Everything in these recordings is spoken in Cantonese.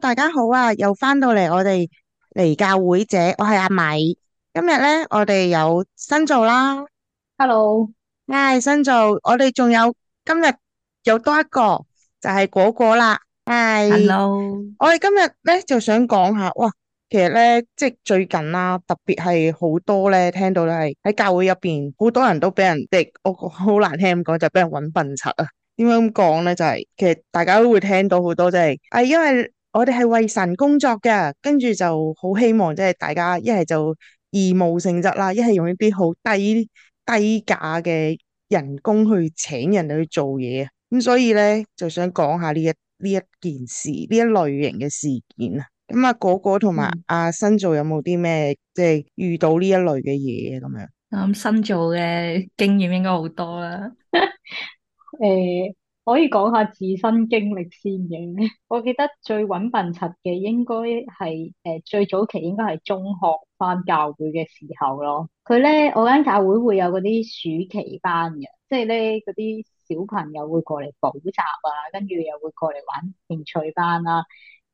大家好啊，又翻到嚟我哋離教會者，我係阿米。今日咧，我哋有新造啦。Hello，係新造，我哋仲有今日有多一個，就係果果啦。Hello，我哋今日咧就想講下，哇，其實咧即係最近啦，特別係好多咧聽到咧係喺教會入邊，好多人都俾人滴我好難聽咁講，就俾人搵笨柒啊。點解咁講咧？就係其實大家都會聽到好多，即係，係因為。我哋係為神工作嘅，跟住就好希望即係大家一係就義務性質啦，一係用一啲好低低價嘅人工去請人哋去做嘢啊，咁所以咧就想講下呢一呢一件事呢一類型嘅事件、那個、個啊，咁阿果果同埋阿新造有冇啲咩即係遇到呢一類嘅嘢咁樣？咁、嗯、新造嘅經驗應該好多啦，誒、 欸。可以講下自身經歷先嘅， 我記得最揾笨柒嘅應該係誒、呃、最早期應該係中學翻教會嘅時候咯。佢咧我間教會會有嗰啲暑期班嘅，即係咧嗰啲小朋友會過嚟補習啊，跟住又會過嚟玩興趣班啦、啊。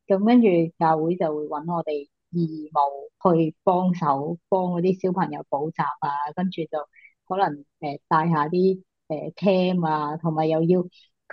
咁跟住教會就會揾我哋義務去幫手幫嗰啲小朋友補習啊，跟住就可能誒帶一下啲誒 camp 啊，同埋又要。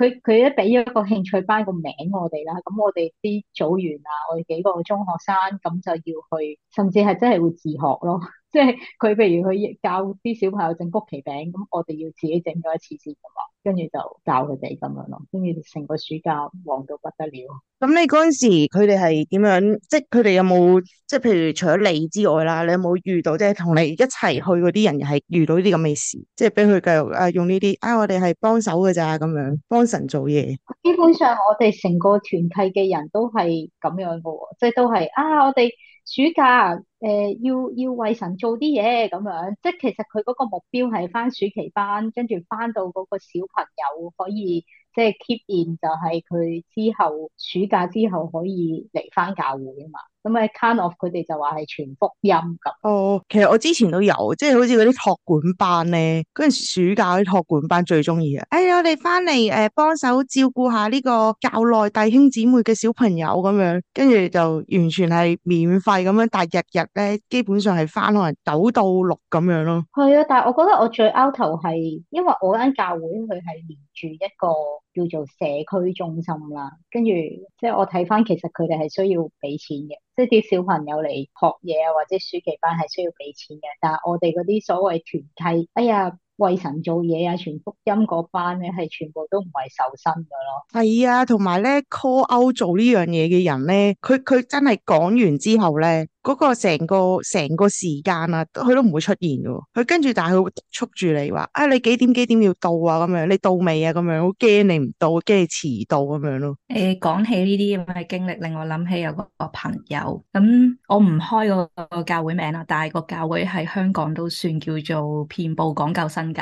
佢佢一俾咗一個興趣班個名我哋啦，咁我哋啲組員啊，我哋幾個中學生咁就要去，甚至係真係會自學咯。即係佢譬如佢教啲小朋友整曲奇餅，咁我哋要自己整咗一次先嘅嘛。跟住就教佢哋咁樣咯，跟住成個暑假忙到不得了。咁你嗰陣時，佢哋係點樣？即係佢哋有冇即係，譬如除咗你之外啦，你有冇遇到即係同你一齊去嗰啲人，係遇到呢啲咁嘅事，即係俾佢繼續啊用呢啲啊，我哋係幫手㗎咋咁樣，幫神做嘢。基本上，我哋成個團契嘅人都係咁樣嘅，即係都係啊，我哋。暑假誒、呃、要要為神做啲嘢咁樣，即係其實佢嗰個目標係返暑期班，跟住返到嗰個小朋友可以即係 keep in，就係佢之後暑假之後可以嚟返教會啊嘛～咁啊，Can of 佢哋就話係全福音咁。哦，其實我之前都有，即係好似嗰啲託管班咧，嗰陣暑假嗰啲託管班最中意啊！哎呀，我哋翻嚟誒，幫手照顧下呢個教內弟兄姊妹嘅小朋友咁樣，跟住就完全係免費咁樣，但日日咧，基本上係翻可能九到六咁樣咯。係啊，但係我覺得我最 out 頭係因為我間教會佢係連住一個。叫做社區中心啦，跟住即係我睇翻，其實佢哋係需要俾錢嘅，即係啲小朋友嚟學嘢啊，或者暑期班係需要俾錢嘅。但係我哋嗰啲所謂團契，哎呀為神做嘢啊，傳福音嗰班咧，係全部都唔係受薪嘅咯。係啊，同埋咧 call out 做呢樣嘢嘅人咧，佢佢真係講完之後咧。嗰個成個成個時間啊，佢都唔會出現嘅喎。佢跟住，但係佢會督促住你話：啊、哎，你幾點幾點要到啊？咁樣你到未啊？咁樣好驚你唔到，驚你遲到咁樣咯。誒、呃，講起呢啲咁嘅經歷，令我諗起有個朋友。咁我唔開個教會名啦，但係個教會喺香港都算叫做遍佈講究新界。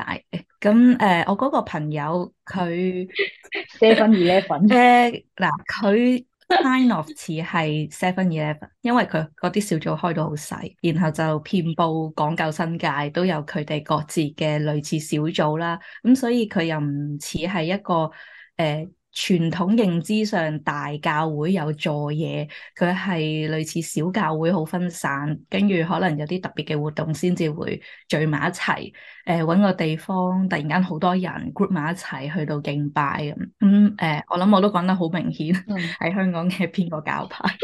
咁誒、呃，我嗰個朋友佢 seven eleven 嗱，佢。 Line of 似係 Seven Eleven，因為佢嗰啲小組開到好細，然後就遍佈港九新界，都有佢哋各自嘅類似小組啦。咁、嗯、所以佢又唔似係一個誒。呃傳統認知上，大教會有做嘢，佢係類似小教會好分散，跟住可能有啲特別嘅活動先至會聚埋一齊。誒、呃，揾個地方，突然間好多人 group 埋一齊，去到敬拜咁。咁、嗯、誒、呃，我諗我都講得好明顯，喺、嗯、 香港嘅邊個教派？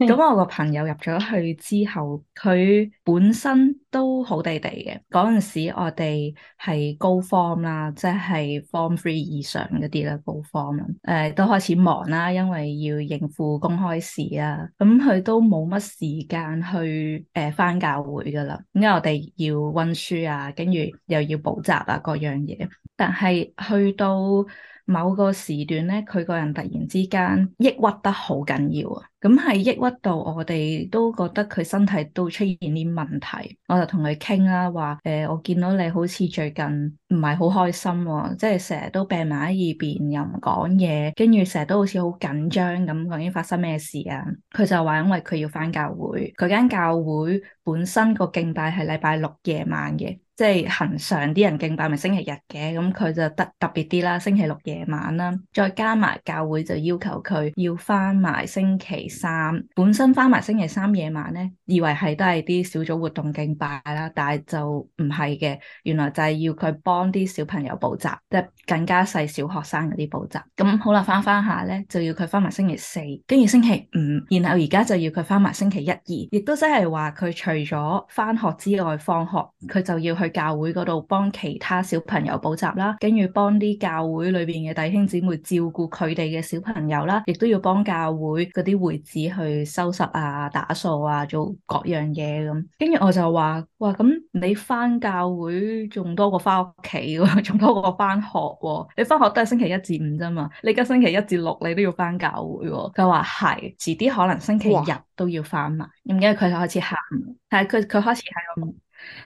咁、嗯、我個朋友入咗去之後，佢本身都好地地嘅。嗰陣時我哋係高 form 啦，即係 form three 以上嗰啲啦，高 form、呃。誒，都開始忙啦，因為要應付公開試、呃、啊。咁佢都冇乜時間去誒翻教會噶啦。因為我哋要溫書啊，跟住又要補習啊，各樣嘢。但係去到某個時段咧，佢個人突然之間抑鬱得好緊要啊！咁係抑鬱到我哋都覺得佢身體都出現啲問題，我就同佢傾啦，話誒、呃，我見到你好似最近唔係好開心喎、哦，即係成日都病埋喺耳邊，又唔講嘢，跟住成日都好似好緊張咁，究竟發生咩事啊？佢就話因為佢要返教會，佢間教會本身個敬拜係禮拜六夜晚嘅，即係恆常啲人敬拜咪星期日嘅，咁佢就得特別啲啦，星期六夜晚啦，再加埋教會就要求佢要返埋星期三本身翻埋星期三夜晚咧，以為係都係啲小組活動敬拜啦，但係就唔係嘅，原來就係要佢幫啲小朋友補習，即係更加細小，小學生嗰啲補習。咁好啦，翻翻下咧，就要佢翻埋星期四，跟住星期五，然後而家就要佢翻埋星期一二，亦都即係話佢除咗翻學之外，放學佢就要去教會嗰度幫其他小朋友補習啦，跟住幫啲教會裏邊嘅弟兄姊妹照顧佢哋嘅小朋友啦，亦都要幫教會嗰啲會。只去收拾啊、打掃啊、做各樣嘢咁，跟住我就話：哇，咁你翻教會仲多過翻屋企喎，仲多過翻學喎。你翻學都係星期一至五啫嘛，你而家星期一至六你都要翻教會喎。佢話係，遲啲可能星期日都要翻喇。咁跟住佢就開始喊，但係佢佢開始喺度。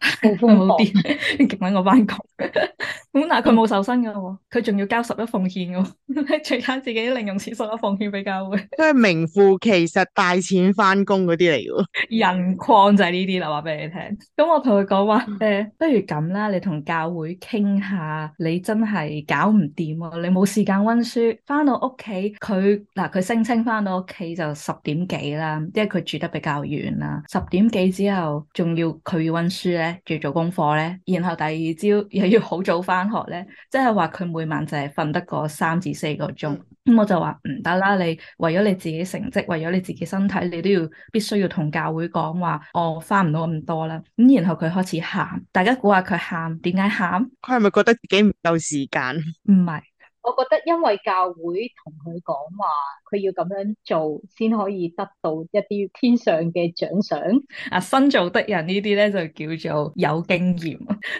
好豐好掂，極揾我翻工。咁 嗱樂，佢冇受薪噶喎，佢仲要交十一奉獻噶喎， 最慘自己零用錢所有奉獻俾教會。佢係名副其實帶錢翻工嗰啲嚟噶。 人礦就係呢啲啦，話俾你聽。咁我同佢講話，誒、 欸，不如咁啦，你同教會傾下，你真係搞唔掂啊，你冇時間溫書，翻到屋企，佢嗱佢聲稱翻到屋企就十點幾啦，因為佢住得比較遠啦，十點幾之後仲要佢要溫書。住咧，要做功課咧，然後第二朝又要好早翻學咧，即係話佢每晚就係瞓得個三至四個鐘，咁我就話唔得啦，你為咗你自己成績，為咗你自己身體，你都要必須要同教會講話，我翻唔到咁多啦。咁然後佢開始喊，大家估下佢喊點解喊？佢係咪覺得自己唔夠時間？唔係。 我覺得因為教會同佢講話，佢要咁樣做先可以得到一啲天上嘅獎賞。啊，新造的人呢啲咧就叫做有經驗。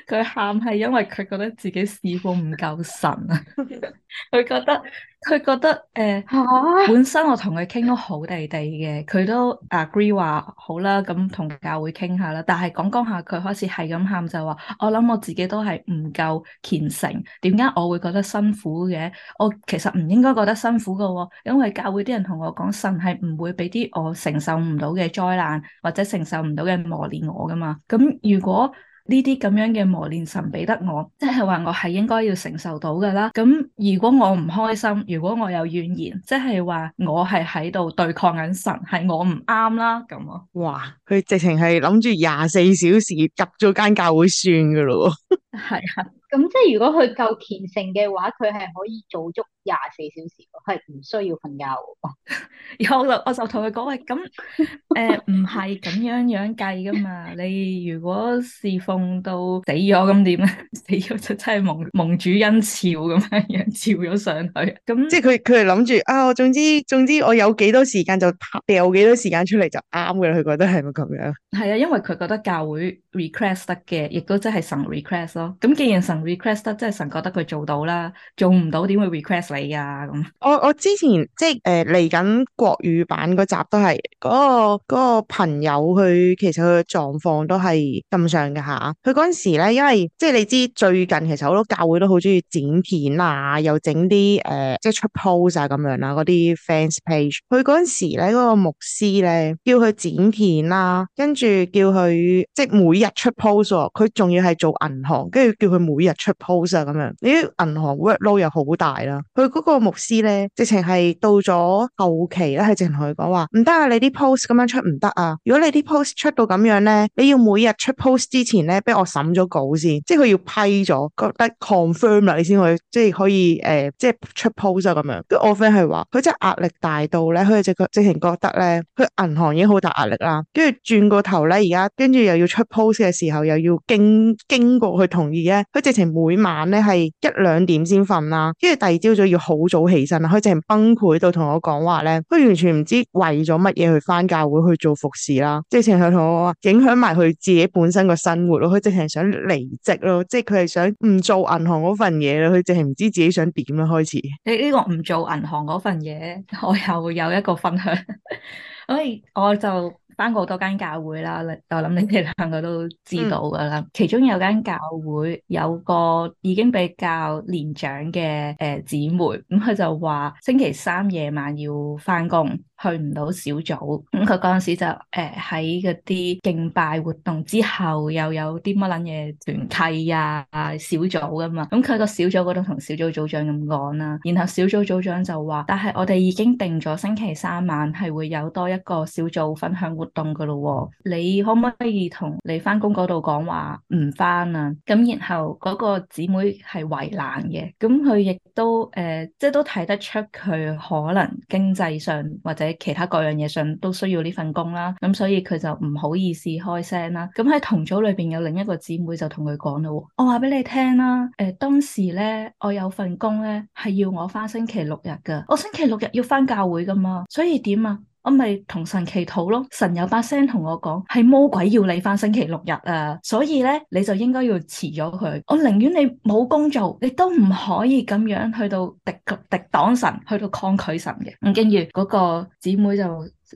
佢喊係因為佢覺得自己似乎唔夠神啊，佢 覺得。佢覺得誒，呃啊、本身我同佢傾都好地地嘅，佢都 agree 話好啦，咁同教會傾下啦。但係講講下，佢開始係咁喊就話：我諗我自己都係唔夠虔誠，點解我會覺得辛苦嘅？我其實唔應該覺得辛苦㗎喎、哦，因為教會啲人同我講，神係唔會俾啲我承受唔到嘅災難或者承受唔到嘅磨練我㗎嘛。咁如果呢啲咁樣嘅磨練神俾得我，即係話我係應該要承受到噶啦。咁如果我唔開心，如果我有怨言，即係話我係喺度對抗緊神，係我唔啱啦咁啊！哇，佢直情係諗住廿四小時夾咗間教會算噶咯喎！係 啊，咁即係如果佢夠虔誠嘅話，佢係可以做足。廿四小時，我係唔需要瞓覺。然後 我就同佢講：喂，咁誒唔係咁樣、呃、這樣計噶嘛？ 你如果侍奉到死咗，咁點咧？死咗就真係蒙蒙主恩召咁樣召咗上去。咁即係佢佢係諗住啊，總之總之我有幾多時間就掉幾多時間出嚟，就啱嘅。佢覺得係咪咁樣？係啊，因為佢覺得教會 request 得嘅，亦都真係神 request 咯。咁既然神 request 得，即係神，神覺得佢做到啦，做唔到點會 request？係啊，咁我我之前即係誒嚟緊國語版嗰集都係嗰、嗰個、嗰個朋友佢，其實佢嘅狀況都係咁上下。佢嗰陣時咧，因為即係你知最近其實好多教會都好鍾意剪片啊，又整啲誒即係出 post 啊咁樣啦。嗰啲 fans page，佢嗰陣時咧嗰、嗰個牧師咧叫佢剪片啦、啊，跟住叫佢即係每日出 post，佢仲要係做銀行，跟住叫佢每日出 post 啊咁、啊、樣。呢啲銀行 work load 又好大啦。佢嗰個牧師咧，直情係到咗後期咧，係直情同佢講話唔得啊！你啲 post 咁樣出唔得啊！如果你啲 post 出到咁樣咧，你要每日出 post 之前咧，俾我審咗稿先，即係佢要批咗，覺得 confirm 啦，你先可以，即係可以誒、呃、即係出 post 啊咁樣，跟住我 friend 係話佢真係壓力大到咧，佢係直覺，直情覺得咧，佢銀行已經好大壓力啦，跟住轉過頭咧，而家跟住又要出 post 嘅時候，又要經經過佢同意咧，佢直情每晚咧係一兩點先瞓啦，跟住第二朝早。好早起身啦，佢淨係崩潰到同我講話咧，佢完全唔知為咗乜嘢去翻教會去做服侍啦，即係淨係同我影響埋佢自己本身個生活咯，佢淨係想離職咯，即係佢係想唔做銀行嗰份嘢咯，佢淨係唔知自己想點樣開始。你呢個唔做銀行嗰份嘢，我又會有一個分享，所 以我就。翻過好多間教會啦，我諗你哋兩個都知道㗎喇。嗯、其中有間教會有個已經比較年長嘅誒姊妹，咁、嗯、佢就話星期三夜晚上要翻工。去唔到小組，咁佢嗰陣時就誒喺嗰啲敬拜活動之後又有啲乜撚嘢團契啊小組噶嘛，咁、嗯、佢個小組嗰度同小組組長咁講啦，然後小組組長就話，但係我哋已經定咗星期三晚係會有多一個小組分享活動噶咯、啊，你可唔可以同你翻工嗰度講話唔翻啊？咁然後嗰個姊妹係為難嘅，咁佢亦都誒、呃、即係都睇得出佢可能經濟上或者。喺其他各樣嘢上都需要呢份工啦，咁所以佢就唔好意思開聲啦。咁喺同組裏邊有另一個姊妹就同佢講啦，我話俾你聽啦。誒、呃，當時咧我有份工咧係要我返星期六日噶，我星期六日要返教會噶嘛，所以點啊？我咪同神祈禱咯，神有把聲同我講，係魔鬼要你返星期六日啊，所以呢你就應該要辭咗佢。我寧願你冇工做，你都唔可以咁樣去到敵敵擋神，去到抗拒神嘅。咁跟住嗰個姊妹就。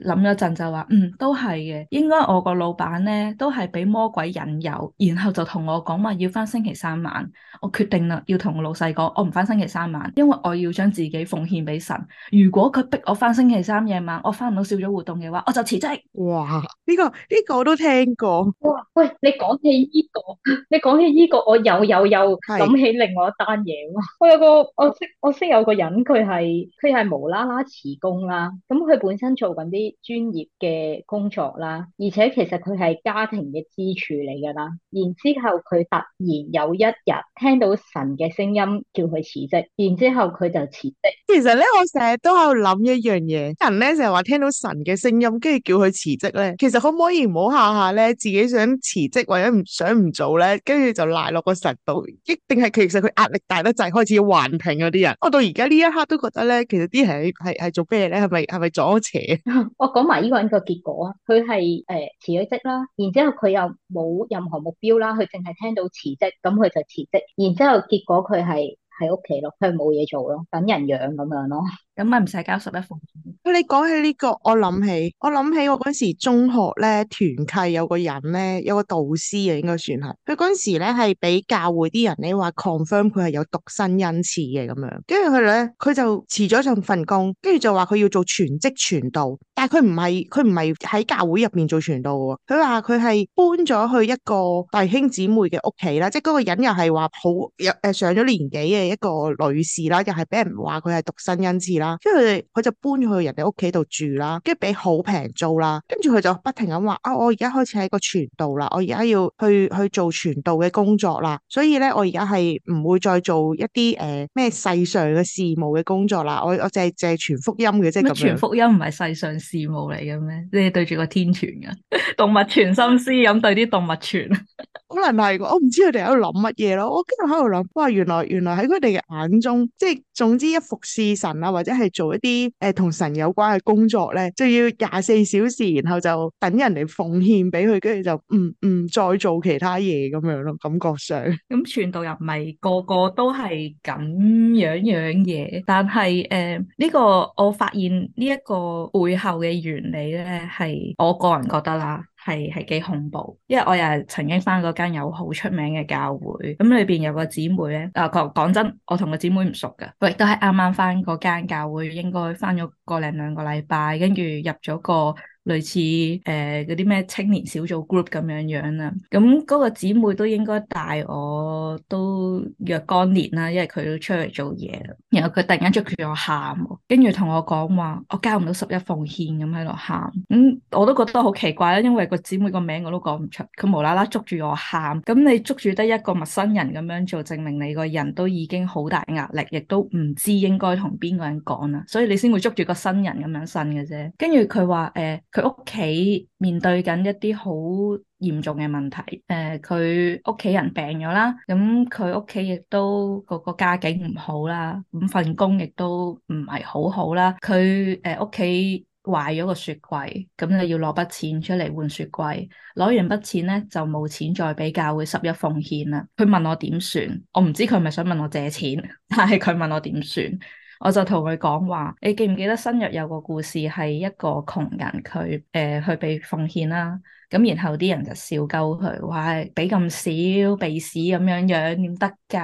諗咗一陣就話，嗯，都係嘅，應該我個老闆咧都係俾魔鬼引誘，然後就同我講話要翻星期三晚，我決定啦，要同老細講，我唔翻星期三晚，因為我要將自己奉獻俾神。如果佢逼我翻星期三夜晚，我翻唔到少咗活動嘅話，我就辭職。哇，呢個呢個我都聽過。哇，喂，你講起呢個，你講起呢個，我又有又諗是起另外一單嘢。我有個我識我識有個人，佢係佢係無啦啦辭工啦，咁佢本身做緊啲。專業嘅工作啦，而且其實佢係家庭嘅支柱嚟噶啦。然之後佢突然有一日聽到神嘅聲音叫佢辭職，然之後佢就辭職。其實咧，我成日都喺度諗一樣嘢，人咧成日話聽到神嘅聲音，跟住叫佢辭職咧，其實可唔可以唔好下下咧自己想辭職或者唔想唔做咧，跟住就賴落個神度？一定係其實佢壓力大得滯，開始幻聽嗰啲人。我到而家呢一刻都覺得咧，其實啲人係係係做咩咧？係咪係咪撞咗邪？ 我講埋呢個人個結果啊，佢係誒辭咗職啦，然之後佢又冇任何目標啦，佢淨係聽到辭職，咁佢就辭職，然之後結果佢係。喺屋企咯，佢冇嘢做咯，等人養咁樣咯，咁咪唔使交十一奉獻。啊， 你講起呢個，我諗起，我諗起我嗰時中學咧團契有個人咧，有個導師啊，應該算係佢嗰時咧係俾教會啲人咧話 confirm 佢係有獨身恩賜嘅咁樣，跟住佢咧佢就辭咗上份工，跟住就話佢要做全職傳道，但係佢唔係佢唔係喺教會入邊做傳道喎，佢話佢係搬咗去一個弟兄姊妹嘅屋企啦，即係嗰個人又係話好有誒上咗年紀嘅，一個女士啦，又係俾人話佢係獨身恩賜啦，跟住佢就搬咗去人哋屋企度住啦，跟住俾好平租啦，跟住佢就不停咁話啊，我而家開始喺個傳道啦，我而家要去去做傳道嘅工作啦，所以咧我而家係唔會再做一啲誒咩世上嘅事務嘅工作啦，我我淨係淨係傳福音嘅，即係咁樣。咩傳福音唔係世上事務嚟嘅咩？即你對住個天傳噶、啊， 動物傳心思咁對啲動物傳。 可能係我唔知佢哋喺度諗乜嘢咯，我跟住喺度諗，哇！原來原來喺佢哋嘅眼中，即係總之一服侍神啊，或者係做一啲誒同神有關嘅工作咧，就要廿四小時，然後就等人嚟奉獻俾佢，跟住就唔唔再做其他嘢咁樣咯，感覺上。咁傳道人唔係個個都係咁樣樣嘢，但係誒呢個我發現呢一個背後嘅原理咧，係我個人覺得啦。係係幾恐怖，因為我又係曾經翻嗰間有好出名嘅教會，咁裏邊有個姊妹咧，啊，講講真，我同個姊妹唔熟㗎，我都係啱啱翻嗰間教會，應該翻咗個零兩個禮拜，跟住入咗個。類似誒嗰啲咩青年小組 group 咁樣樣啦，咁、那、嗰個姊妹都應該帶我都若干年啦，因為佢都出嚟做嘢，然後佢突然間捉住我喊，跟住同我講話，我交唔到十一奉獻咁喺度喊。咁、嗯、我都覺得好奇怪啦，因為個姊妹個名我都講唔出，佢無啦啦捉住我喊。咁你捉住得一個陌生人咁樣做，證明你個人都已經好大壓力，亦都唔知應該同邊個人講啦，所以你先會捉住個新人咁樣呻嘅啫。跟住佢話誒。呃佢屋企面對緊一啲好嚴重嘅問題，誒、呃，佢屋企人病咗啦，咁佢屋企亦都個個家境唔好啦，咁份工亦都唔係好好啦，佢誒屋企壞咗個雪櫃，咁你要攞筆錢出嚟換雪櫃，攞完筆錢咧就冇錢再俾教會十一奉獻啦。佢問我點算，我唔知佢係咪想問我借錢，但係佢問我點算。我就同佢講話，你記唔記得新約有個故事係一個窮人佢誒去被奉獻啦、啊？咁然後啲人就笑鳩佢，話俾咁少鼻屎咁樣樣點得㗎？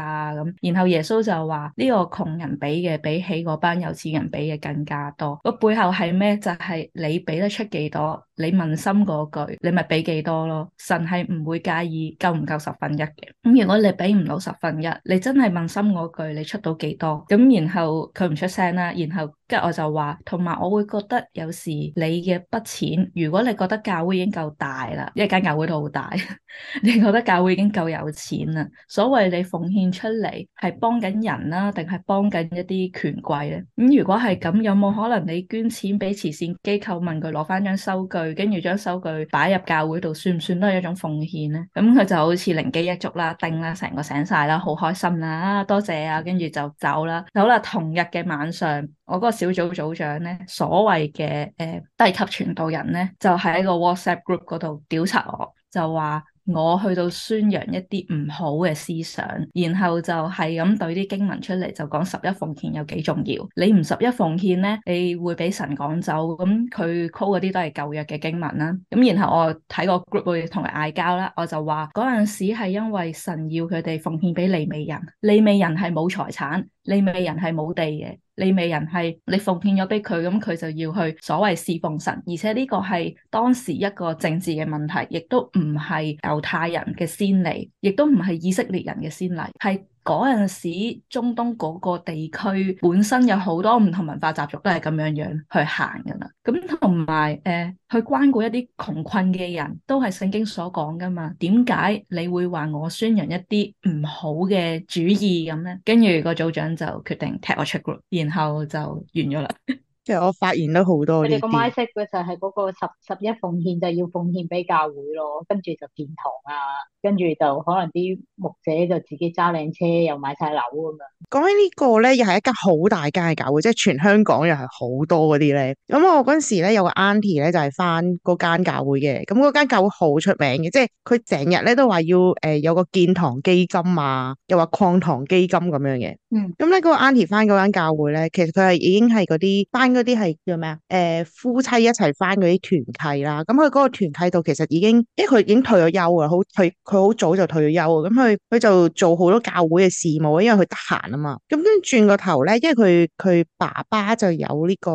咁然後耶穌就話呢、這個窮人俾嘅比起嗰班有錢人俾嘅更加多。個背後係咩？就係、是、你俾得出幾多，你問心嗰句，你咪俾幾多咯。神係唔會介意夠唔夠十分一嘅。咁如果你俾唔到十分一，你真係問心嗰句，你出到幾多？咁然後佢唔出聲啦。然後。然後跟我就話，同埋我會覺得有時你嘅筆錢，如果你覺得教會已經夠大啦，一間教會都好大， 你覺得教會已經夠有錢啦。所謂你奉獻出嚟係幫緊人啦，定係幫緊一啲權貴咧？咁、嗯、如果係咁，有冇可能你捐錢俾慈善機構問，問佢攞翻張收據，跟住將收據擺入教會度，算唔算都係一種奉獻咧？咁、嗯、佢就好似靈機一觸啦，叮啦成個醒晒啦，好開心啦，多謝啊，跟住就走啦。好啦，同日嘅晚上，我嗰、那個小組組長咧，所謂嘅，誒低級傳道人咧，就喺一個 WhatsApp group 嗰度調查我，就話我去到宣揚一啲唔好嘅思想，然後就係咁懟啲經文出嚟，就講十一奉獻有幾重要，你唔十一奉獻咧，你會俾神趕走。咁佢 call 嗰啲都係舊約嘅經文啦。咁然後我睇個 group 會同佢嗌交啦，我就話嗰陣時係因為神要佢哋奉獻俾利未人，利未人係冇財產，利未人係冇地嘅。利未人係你奉獻咗俾佢，咁佢就要去所謂侍奉神，而且呢個係當時一個政治嘅問題，亦都唔係猶太人嘅先例，亦都唔係以色列人嘅先例，係。嗰陣時，中東嗰個地區本身有好多唔同文化習俗，都係咁樣樣去行噶啦。咁同埋誒，去關顧一啲窮困嘅人都係聖經所講噶嘛。點解你會話我宣揚一啲唔好嘅主意咁咧？跟住個組長就決定踢我出 group，然後就完咗啦。 其實我發現咗好多呢啲。佢哋個 mindset 就係嗰個十十一奉獻，就要奉獻俾教會咯，跟住就建堂啊，跟住就可能啲牧者就自己揸靚車，又買晒樓咁樣。講起個呢個咧，又係一間好大間嘅教會，即係全香港又係好多嗰啲咧。咁、嗯、我嗰陣時咧，有個 auntie 咧就係翻嗰間教會嘅，咁、嗯、嗰間教會好出名嘅，即係佢成日咧都話要誒、呃、有個建堂基金啊，又話擴堂基金咁樣嘅。嗯。咁咧嗰個 auntie 翻嗰間教會咧，其實佢係已經係嗰啲嗰啲係叫咩啊？誒、呃，夫妻一齊翻嗰啲團契啦。咁佢嗰個團契度其實已經，因為佢已經退咗休啊，好退，佢好早就退咗休啊。咁佢佢就做好多教會嘅事務，因為佢得閒啊嘛。咁跟住轉個頭咧，因為佢佢爸爸就有呢、呢個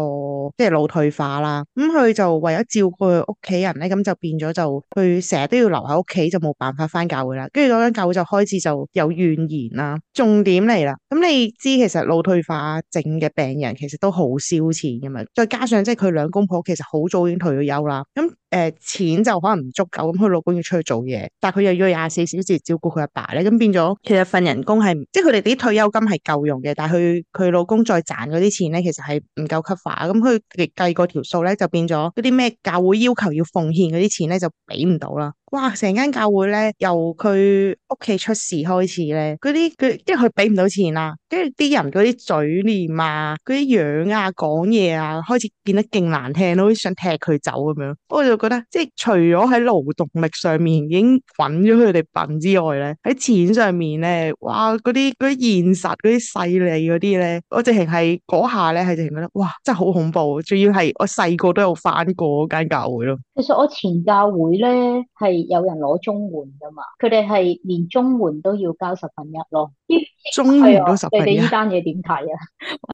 即係腦退化啦。咁佢就為咗照顧屋企人咧，咁就變咗就佢成日都要留喺屋企，就冇辦法翻教會啦。跟住嗰間教會就開始就有怨言啦。重點嚟啦，咁你知其實腦退化症嘅病人其實都好燒錢。咁啊，再加上即係佢兩公婆其實好早已經退咗休啦，咁誒、呃、錢就可能唔足夠，咁佢老公要出去做嘢，但係佢又要廿四小時照顧佢阿爸咧，咁變咗其實份人工係，即係佢哋啲退休金係夠用嘅，但係佢佢老公再賺嗰啲錢咧，其實係唔夠 cover，咁佢計過條數咧，就變咗嗰啲咩教會要求要奉獻嗰啲錢咧就俾唔到啦。哇！成間教會咧，由佢屋企出事開始咧，啲佢，因為佢俾唔到錢啦，跟住啲人嗰啲嘴臉啊、嗰啲樣啊、講嘢啊，開始變得勁難聽，好似想踢佢走咁樣。我就覺得，即係除咗喺勞動力上面已經揾咗佢哋笨之外咧，喺錢上面咧，哇！嗰啲啲現實嗰啲勢利嗰啲咧，我直情係嗰下咧係直情覺得，哇！真係好恐怖。仲要係我細個都有返過間教會咯。其實我前教會咧係。有人攞綜援噶嘛？佢哋係連綜援都要交十分一咯。綜援都十分一，你哋呢單嘢點睇啊？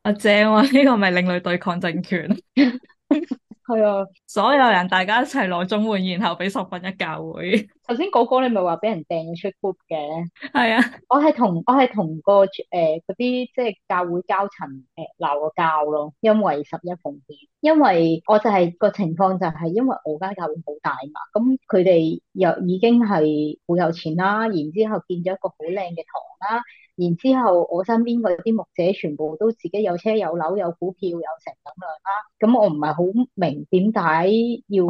阿 正啊，呢、呢個咪另類對抗政權。 係啊，所有人大家一齊攞綜援，然後俾十分一教會。頭 先哥哥你咪話俾人掟出 group 嘅。係啊，我係同我係同個誒嗰啲即係教會高層誒鬧個交咯，因為十一奉獻，因為我就係、是、個情況就係因為我間教會好大嘛，咁佢哋又已經係好有錢啦，然之後建咗一個好靚嘅堂啦。然之後，我身邊嗰啲牧者全部都自己有車有樓有股票有成咁樣啦，咁我唔係好明點解要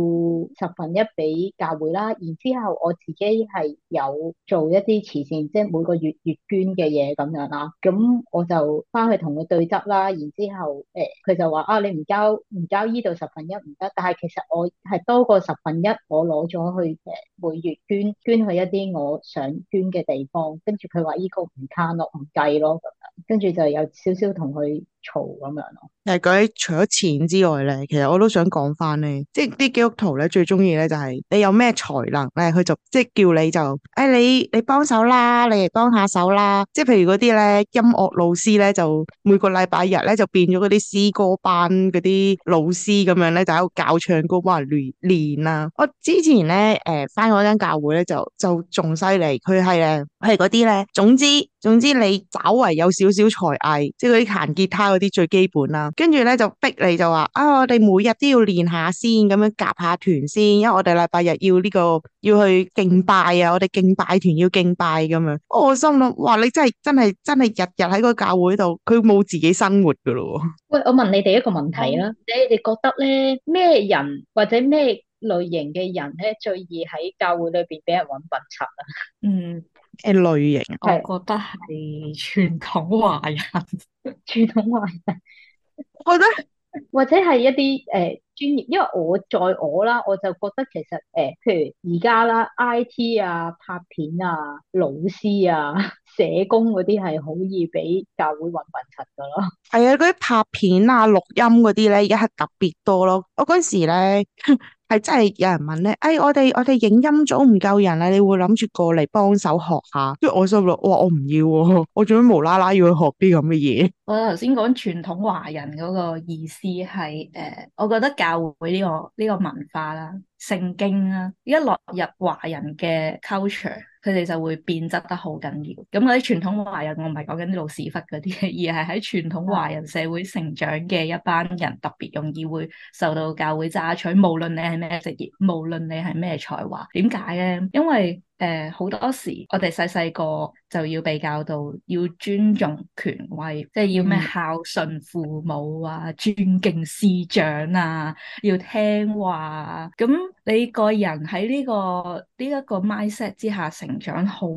十分一俾教會啦。然之後我自己係有做一啲慈善，即係每個月月捐嘅嘢咁樣啦，咁我就返去同佢對質啦。然之後誒，佢就話啊，你唔交唔交依度十分一唔得，但係其實我係多過十分一，我攞咗去誒每月捐捐去一啲我想捐嘅地方，跟住佢話依個唔卡，我唔計咯，咁樣跟住就有少少同佢。嘈咁樣咯，誒，講起除咗錢之外咧，其實我都想講翻咧，即係啲基督徒咧最中意咧就係你有咩才能咧，佢就即係叫你就，誒、哎，你你幫手啦，你嚟幫下手啦，即係譬如嗰啲咧音樂老師咧就每個禮拜日咧就變咗嗰啲詩歌班嗰啲老師咁樣咧就喺度教唱歌幫人練練啊！我之前咧誒翻嗰間教會咧就就仲犀利，佢係誒係嗰啲咧，總之總之你稍為有少少才藝，即係嗰啲彈吉他。嗰啲最基本啦，啊，跟住咧就逼你就話啊，我哋每日都要練下先，咁樣夾下團先，因為我哋禮拜日要呢，這個要去敬拜啊，我哋敬拜團要敬拜咁樣。我心諗，哇，你真係真係真係日日喺個教會度，佢冇自己生活噶咯。喂，我問你哋一個問題啦，好你哋覺得咧咩人或者咩類型嘅人咧最易喺教會裏邊俾人搵品查搵笨柒啊？嗯。誒，類型，是我覺得係傳統華人，傳 統華人，或得的，或者係一啲誒專業，因為我在我啦，我就覺得其實誒、呃，譬如而家啦，IT 啊、拍片啊、老師啊、社工嗰啲係好易俾教會搵笨柒噶咯。係啊，嗰啲拍片啊、錄音嗰啲咧，而家係特別多咯。我嗰陣時咧。 係 真係有人問咧，誒、哎，我哋我哋影音組唔夠人啦，你會諗住過嚟幫手學下，跟住我心諗，我話我唔要，啊，我做咩無啦啦要去學啲咁嘅嘢？我頭先講傳統華人嗰個意思係，誒、呃，我覺得教會呢、這個呢、這個文化啦、聖經啦，一落入華人嘅 culture。佢哋就會變質得好緊要。咁嗰啲傳統華人，我唔係講緊啲老屎忽嗰啲，而係喺傳統華人社會成長嘅一班人，特別容易會受到教會榨取。無論你係咩職業，無論你係咩才華，點解咧？因為誒好、uh，多時，我哋細細個就要被教導要尊重權威，即係要咩孝順父母啊、尊敬師長啊、要聽話、啊。咁你個人喺呢、呢個呢一、呢個 mindset 之下成長，好。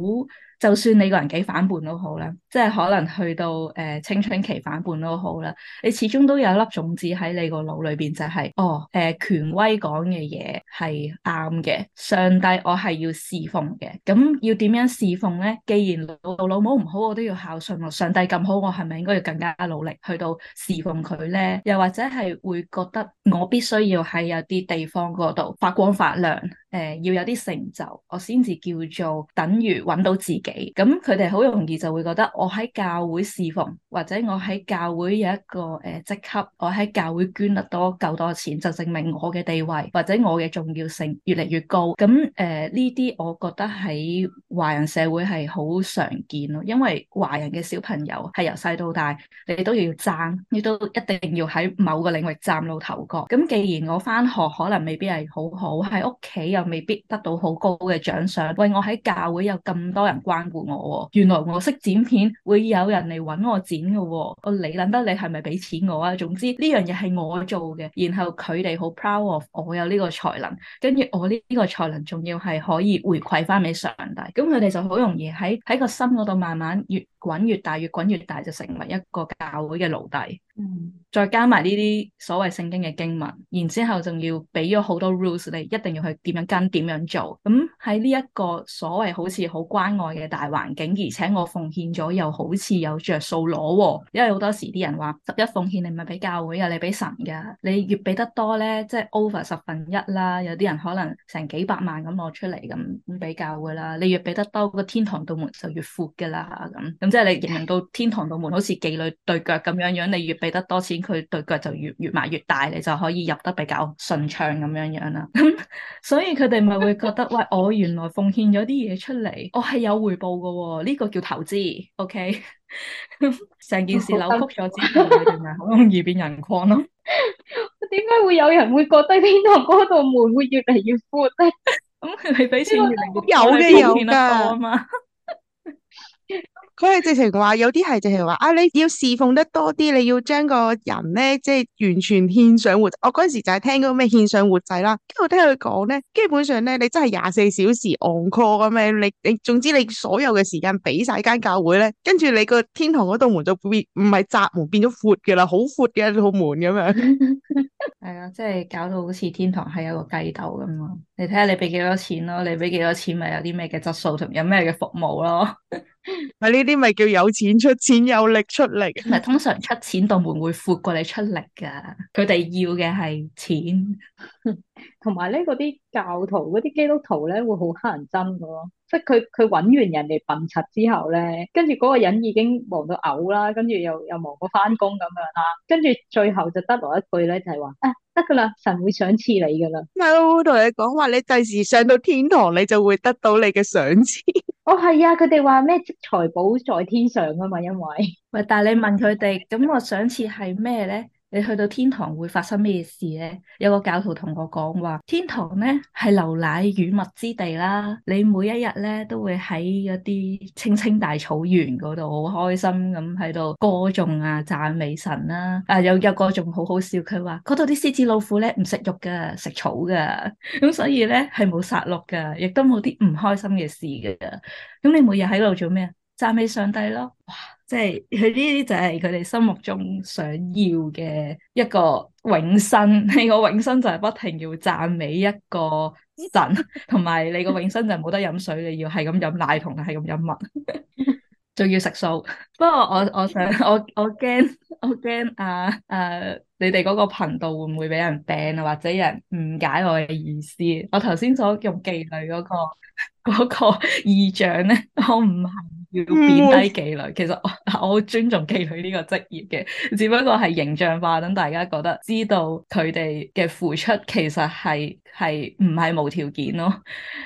就算你個人幾反叛都好啦，即係可能去到誒、呃、青春期反叛都好啦，你始終都有一粒種子喺你個腦裏邊就係、是，哦誒、呃、權威講嘅嘢係啱嘅，上帝我係要侍奉嘅，咁要點樣侍奉咧？既然老老母唔好，我都要孝順咯。上帝咁好，我係咪應該要更加努力去到侍奉佢咧？又或者係會覺得我必須要喺有啲地方嗰度發光發亮？誒，要有啲成就，我先至叫做等於搵到自己。咁佢哋好容易就會覺得，我喺教會侍奉，或者我喺教會有一個誒職、呃、級，我喺教會捐得多，夠多，多錢就證明我嘅地位或者我嘅重要性越嚟越高。咁誒，呢、呃、啲我覺得喺華人社會係好常見咯，因為華人嘅小朋友係由細到大，你都要爭，你都一定要喺某個領域嶄露頭角。咁既然我翻學可能未必係好好，喺屋企。又未必得到好高嘅獎賞。喂，我喺教會有咁多人關顧我，原來我識剪片，會有人嚟搵我剪嘅。我理諗得你係咪俾錢我啊？總之呢樣嘢，係我做嘅，然後佢哋好 proud of 我有呢個才能，跟住我呢個才能仲要係可以回饋翻俾上帝。咁佢哋就好容易喺喺個心嗰度慢慢越滾越大越滾越大就成為一個教會嘅奴隸，嗯、mm，hmm。再加埋呢啲所謂聖經嘅經文，然之後仲要俾咗好多 rules 你一定要去點樣跟點樣做，咁喺呢一個所謂好似好關愛嘅大環境，而且我奉獻咗又好似有着數攞、哦，因為好多時啲人話十一奉獻你唔係俾教會噶，你俾神噶，你越俾得多咧，即係 over 十分一啦，有啲人可能成幾百萬咁攞出嚟咁，咁俾教會啦，你越俾得多個天堂道門就越闊噶啦，咁咁即即係你形容到天堂度門好似妓女對腳咁樣樣，你越俾得多錢，佢對腳就越越埋越大，你就可以入得比較順暢咁樣樣啦。咁 所以佢哋咪會覺得，喂，我原來奉獻咗啲嘢出嚟，我、哦、係有回報噶、哦，呢、呢個叫投資。O K，成件事扭曲咗之後，係咪好容易變人礦咯？點 解會有人會覺得天堂嗰度門會越嚟越闊咧？咁佢係俾錢來越嚟越有多，奉獻得多啊嘛？佢係直情話有啲係，直情話啊！你要侍奉得多啲，你要將個人咧，即係完全獻上活。我嗰時就係聽嗰個咩獻上活仔啦。跟住我聽佢講咧，基本上咧，你真係廿四小時 on call 咁樣，你你總之你所有嘅時間俾晒間教會咧，跟住你個天堂嗰道門就變唔係窄門，變咗闊嘅啦，好闊嘅一套門咁樣。 係啊、嗯，即係搞到好似天堂係一個雞斗咁啊！你睇下你俾幾多錢咯，你俾幾多錢咪有啲咩嘅質素同有咩嘅服務咯？咪呢啲咪叫有錢出錢有力出力，咪、嗯、通常出錢到門會闊過你出力噶，佢哋要嘅係錢。 同埋咧，嗰啲教徒，嗰啲基督徒咧，會好乞人憎噶咯，即係佢佢搵完人哋笨柒之後咧，跟住嗰個人已經忙到嘔啦，跟住又又忙過翻工咁樣啦，跟住最後就得落一句咧，就係話啊得噶啦，神會賞賜你噶啦。咪老同你講話，你第時上到天堂，你就會得到你嘅賞賜。我係啊，佢哋話咩積財寶在天上啊嘛，因為咪 但係你問佢哋，咁我賞賜係咩咧？你去到天堂會發生咩事咧？有個教徒同我講話，天堂咧係牛奶與蜜之地啦。你每一日咧都會喺一啲青青大草原嗰度，好開心咁喺度歌頌啊讚美神啦、啊。啊有有個仲好好笑，佢話嗰度啲獅子老虎咧唔食肉噶，食草噶。咁所以咧係冇殺戮噶，亦都冇啲唔開心嘅事噶。咁你每日喺度做咩？讚美上帝咯，哇！即係佢呢啲就係佢哋心目中想要嘅一個永生。你個永生就係不停要讚美一個神，同埋你個永生就係冇得飲水，你要係咁飲奶，同係咁飲蜜，仲要食素。不過我我想我我驚我驚啊啊！你哋嗰個頻道會唔會俾人病啊？或者人誤解我嘅意思？我頭先所用妓女嗰、嗰個、嗰個意象咧，我唔係。要貶低妓女，其實我好尊重妓女呢個職業嘅，只不過係形象化，等大家覺得知道佢哋嘅付出其實係係唔係無條件咯，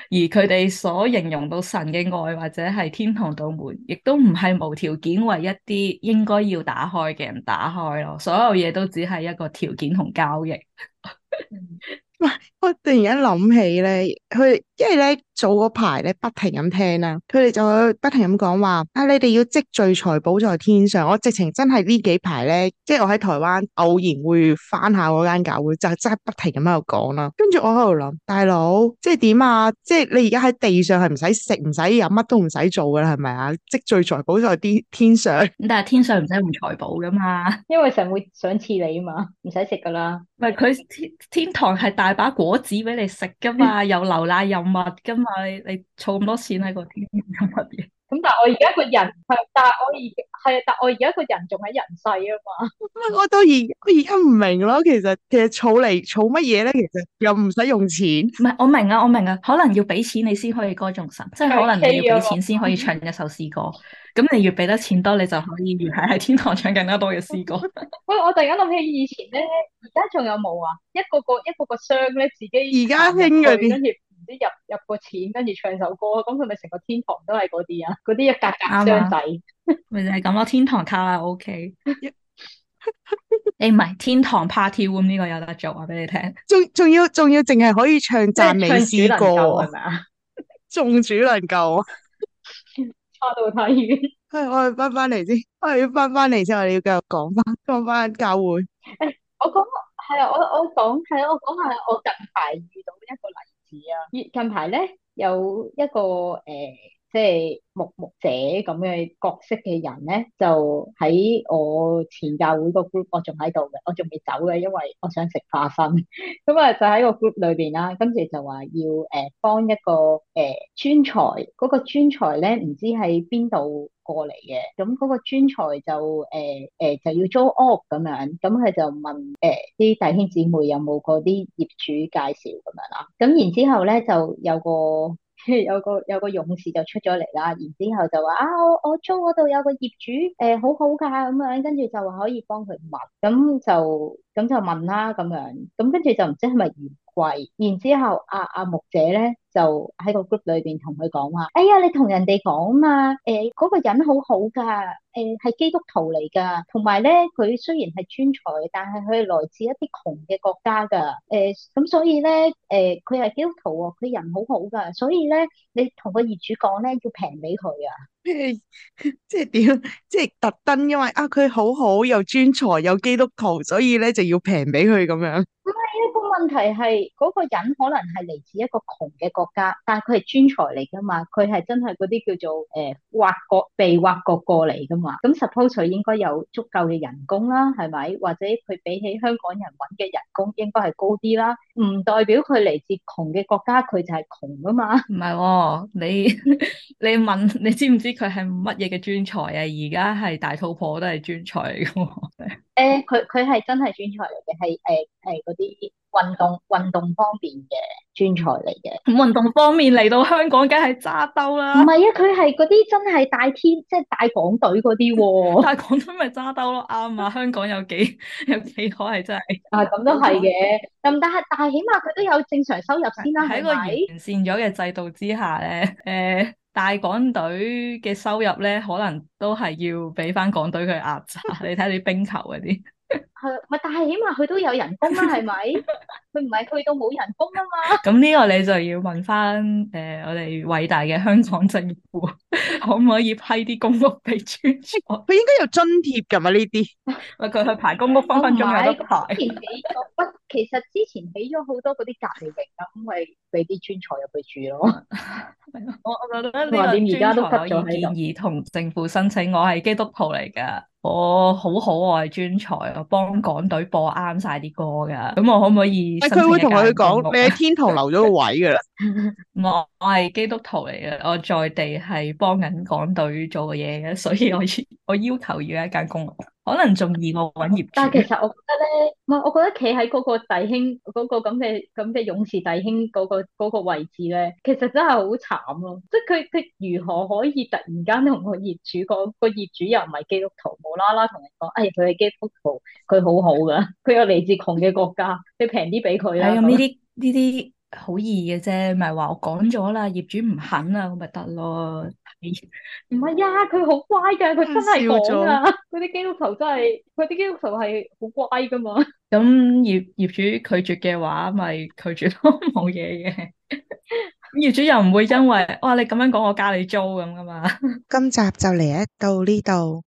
而佢哋所形容到神嘅愛或者係天堂大門，亦都唔係無條件為一啲應該要打開嘅人打開咯，所有嘢都只係一個條件同交易。唔 我突然間諗起咧，佢。因為咧早嗰排咧不停咁聽啦，佢哋就去不停咁講，話啊，你哋要積聚財寶在天上，我直情真係呢幾排咧，即係我喺台灣偶然會翻下嗰間教會，就真係不停咁喺度講啦。跟住我喺度諗，大佬即係點啊？即係你而家喺地上係唔使食唔使飲乜都唔使做噶啦，係咪啊？積聚財寶在天上，但係天上唔使用財寶噶嘛，因為神會想賜你啊嘛，唔使食噶啦。唔係佢天堂係大把果子俾你食噶嘛，又流奶又。 物噶嘛？你儲咁多錢喺個天，咁乜嘢？咁但係我而家個人係，但係我而係，但我而家個人仲喺人,人世啊嘛、嗯。我都而我而家唔明咯，其實其實儲嚟儲乜嘢咧？其實又唔使用,用錢。唔係，我明啊，我明啊，可能要俾錢你先可以歌頌神，即係可能你要俾錢先可以唱一首詩歌。咁、嗯、你越俾得錢多，你就可以越喺喺天堂唱更加多嘅詩歌、嗯。喂，我突然間諗起以前咧，而家仲有冇啊？一個個一個個箱咧，自己翻去跟住。啲入入個錢，跟住唱首歌，咁佢咪成個天堂都係嗰啲啊，嗰啲一格格箱仔，咪就係咁咯。天堂卡拉 OK，誒唔係天堂 Party Room 呢個有得做啊！俾你聽，仲仲要仲要淨係可以唱讚美詩歌 啊，眾主能夠差到太遠。係我哋翻翻嚟先，我哋要翻翻嚟先，我哋要繼續講翻講翻教會。誒，我講係啊，我我講係啊，我講下、啊、我近排遇到一個例。依近排咧有一個誒。欸即係牧牧者咁嘅角色嘅人咧，就喺我前教會個 group，我仲喺度嘅，我仲未走嘅，因為我想食花生。咁啊，就喺個 group 裏邊啦，跟住就話要誒幫一個誒、欸、專才，嗰、那個專才咧唔知喺邊度過嚟嘅，咁、那、嗰個專才就誒誒、欸呃、就要租屋咁樣，咁佢就問誒啲弟兄姊妹有冇嗰啲業主介紹咁樣啦。咁然之後咧就有個。 有個有個勇士就出咗嚟啦，然之後就話啊，我，我租嗰度有個業主，誒、欸、好好㗎咁樣，跟住就話可以幫佢問，咁就咁就問啦咁樣，咁跟住就唔知係咪貴，然之後阿阿木姐咧就喺個 group 裏邊同佢講話：哎呀，你同人哋講嘛，誒、哎，嗰、那個人好好噶，誒、哎、係基督徒嚟噶，同埋咧佢雖然係專才，但係佢係來自一啲窮嘅國家噶，誒、哎、咁所以咧誒佢係基督徒喎，佢人好好噶，所以咧你同個業主講咧要平俾佢啊，即係點？即係特登，因為啊佢好好又專才又基督徒，所以咧就要平俾佢咁樣。哎問題係嗰、那個人可能係嚟自一個窮嘅國家，但係佢係專才嚟㗎嘛，佢係真係嗰啲叫做誒挖角被挖角過嚟㗎嘛。咁 suppose 應該有足夠嘅人工啦，係咪？或者佢比起香港人搵嘅人工應該係高啲啦，唔代表佢嚟自窮嘅國家，佢就係窮㗎嘛。唔係喎，你 你問你知唔知佢係乜嘢嘅專才啊？而家係大肚婆都係專才嚟、啊、嘅。誒、 呃，佢佢係真係專才嚟嘅，係誒誒嗰啲。呃呃運動運動方面嘅專才嚟嘅。運動方面嚟到香港梗係揸兜啦。唔係啊，佢係嗰啲真係帶天，即係帶港隊嗰啲。帶 港隊咪揸兜咯，啱啊！香港有幾 有幾多係真係啊，咁都係嘅。咁 但係但係起碼佢都有正常收入先啦，啊，喺個完善咗嘅制度之下咧，誒、 呃，帶港隊嘅收入咧，可能都係要俾翻港隊去壓榨。 你睇下啲冰球嗰啲。佢咪，但係起碼佢都有人工啦，啊，係咪？ 佢唔係去到冇人工啊嘛？咁呢個你就要問翻誒、呃，我哋偉大嘅香港政府可唔可以批啲公屋俾專才？佢應該有津貼噶嘛？呢啲佢去排公屋 分分鐘有得排。 其實之前俾咗好多嗰啲隔離營啦， 咁咪俾啲專才入去住咯。我我覺得你個點而家都可以建議同政府申請，我係基督徒嚟噶，我好可愛專才，我幫港隊播啱晒啲歌噶，咁我可唔可以？但係佢會同佢講：你喺天堂留咗個位㗎啦。 我我係基督徒嚟嘅，我在地係幫緊港隊做嘅嘢，所以我我要求要一間公屋。可能仲易過搵業主，但係其實我覺得咧，唔係，我覺得企喺嗰個弟兄嗰個咁嘅咁嘅勇士弟兄嗰個嗰個位置咧，其實真係好慘咯，啊，即係佢佢如何可以突然間同個業主講，個業主又唔係基督徒，無啦啦同你講，哎，佢係基督徒，佢好好㗎，佢又嚟自窮嘅國家，你平啲俾佢啊。呢啲呢啲。說好易嘅啫，咪話我講咗啦，業主唔肯 啊，咁咪得咯。唔係呀？佢好乖嘅，佢真係講啊。佢啲基督徒真係，佢啲基督徒係好乖噶嘛。咁業業主拒絕嘅話，咪拒絕都冇嘢嘅。咁 事的 業主又唔會因為， 哇！你咁樣講，我加你租咁噶嘛？ 今集就嚟到呢度。